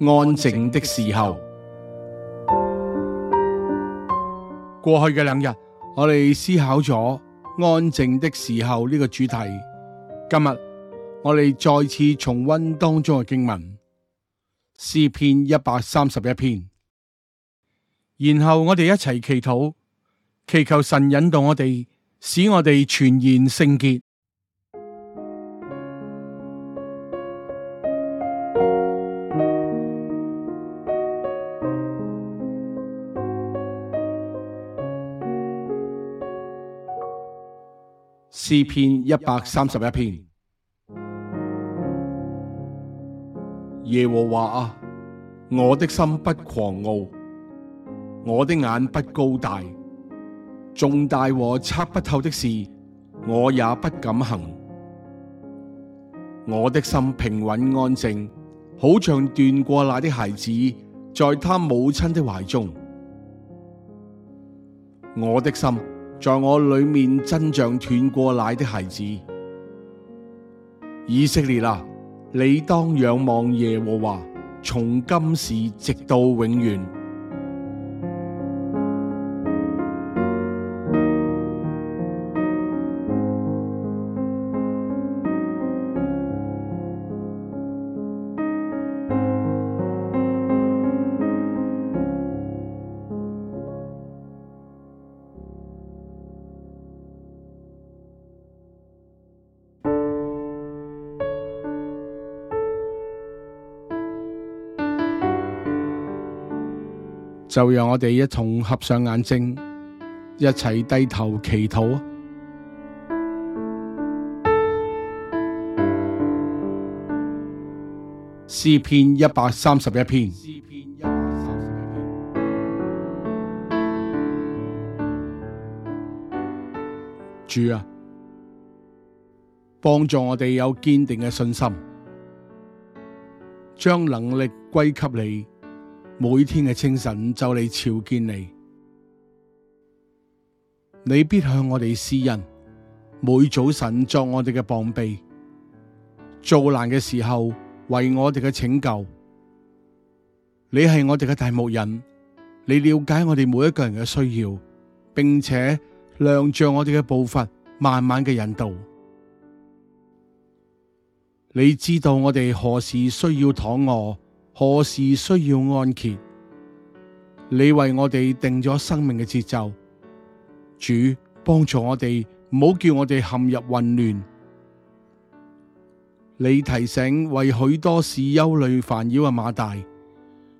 安靜，安靜的時候。過去嘅兩日，我哋思考咗安靜的時候呢個主題。今日我哋再次重溫當中嘅經文，詩篇一百三十一篇，然後我哋一齊祈禱，祈求神引導我哋，使我哋全然聖潔。詩篇一百三十一篇。耶和華啊，我的心不狂傲，我的眼不高大，重大和測不透的事，我也不敢行。我的心平穩安靜，好像斷過奶的孩子，在他母親的懷中。我的心。在我裏面真像斷過奶的孩子，以色列啊，你當仰望耶和華，從今時直到永遠。就讓我哋一同合上眼睛，一齊低頭祈禱啊！詩篇一百三十一篇，詩篇一百三十一篇，主啊，幫助我哋有堅定嘅信心，將能力歸給你。每天嘅清晨就嚟朝見你，你必向我哋施恩，每早晨作我哋嘅膀臂，遭難嘅時候為我哋嘅拯救。你係我哋嘅大牧人，你了解我哋每一個人嘅需要，並且量着我哋嘅步伐，慢慢嘅引導。你知道我哋何時需要躺臥。何時需要安歇，你為我哋定咗生命嘅節奏，主幫助我哋，唔好叫我哋陷入混亂。你提醒為許多事憂慮煩擾嘅馬大，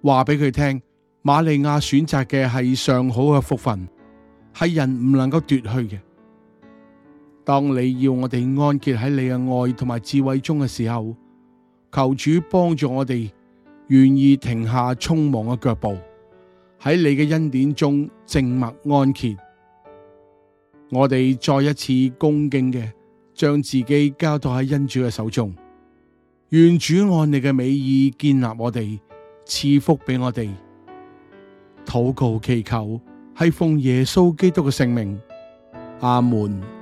話俾佢聽，瑪利亞選擇嘅係上好嘅福分，係人唔能夠奪去嘅。當你要我哋安歇喺你嘅愛同埋智慧中嘅時候，求主幫助我哋。願意停下匆忙嘅腳步，喺你嘅恩典中靜默安歇。我哋再一次恭敬嘅將自己交託喺恩主嘅手中，願主按你嘅美意建立我哋，賜福俾我哋。禱告祈求係奉耶穌基督嘅聖名，阿門。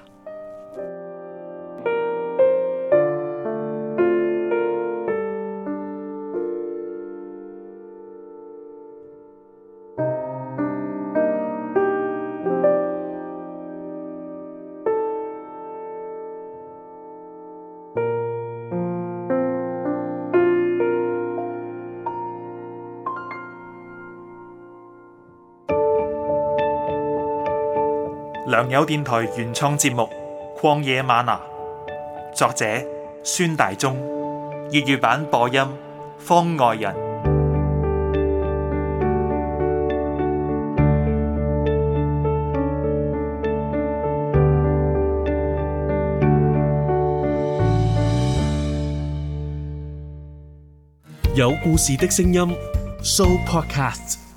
良友電台原創節目《曠野嗎哪》，作者孫大中，粵語版播音方外人，有故事的聲音，Show Podcast。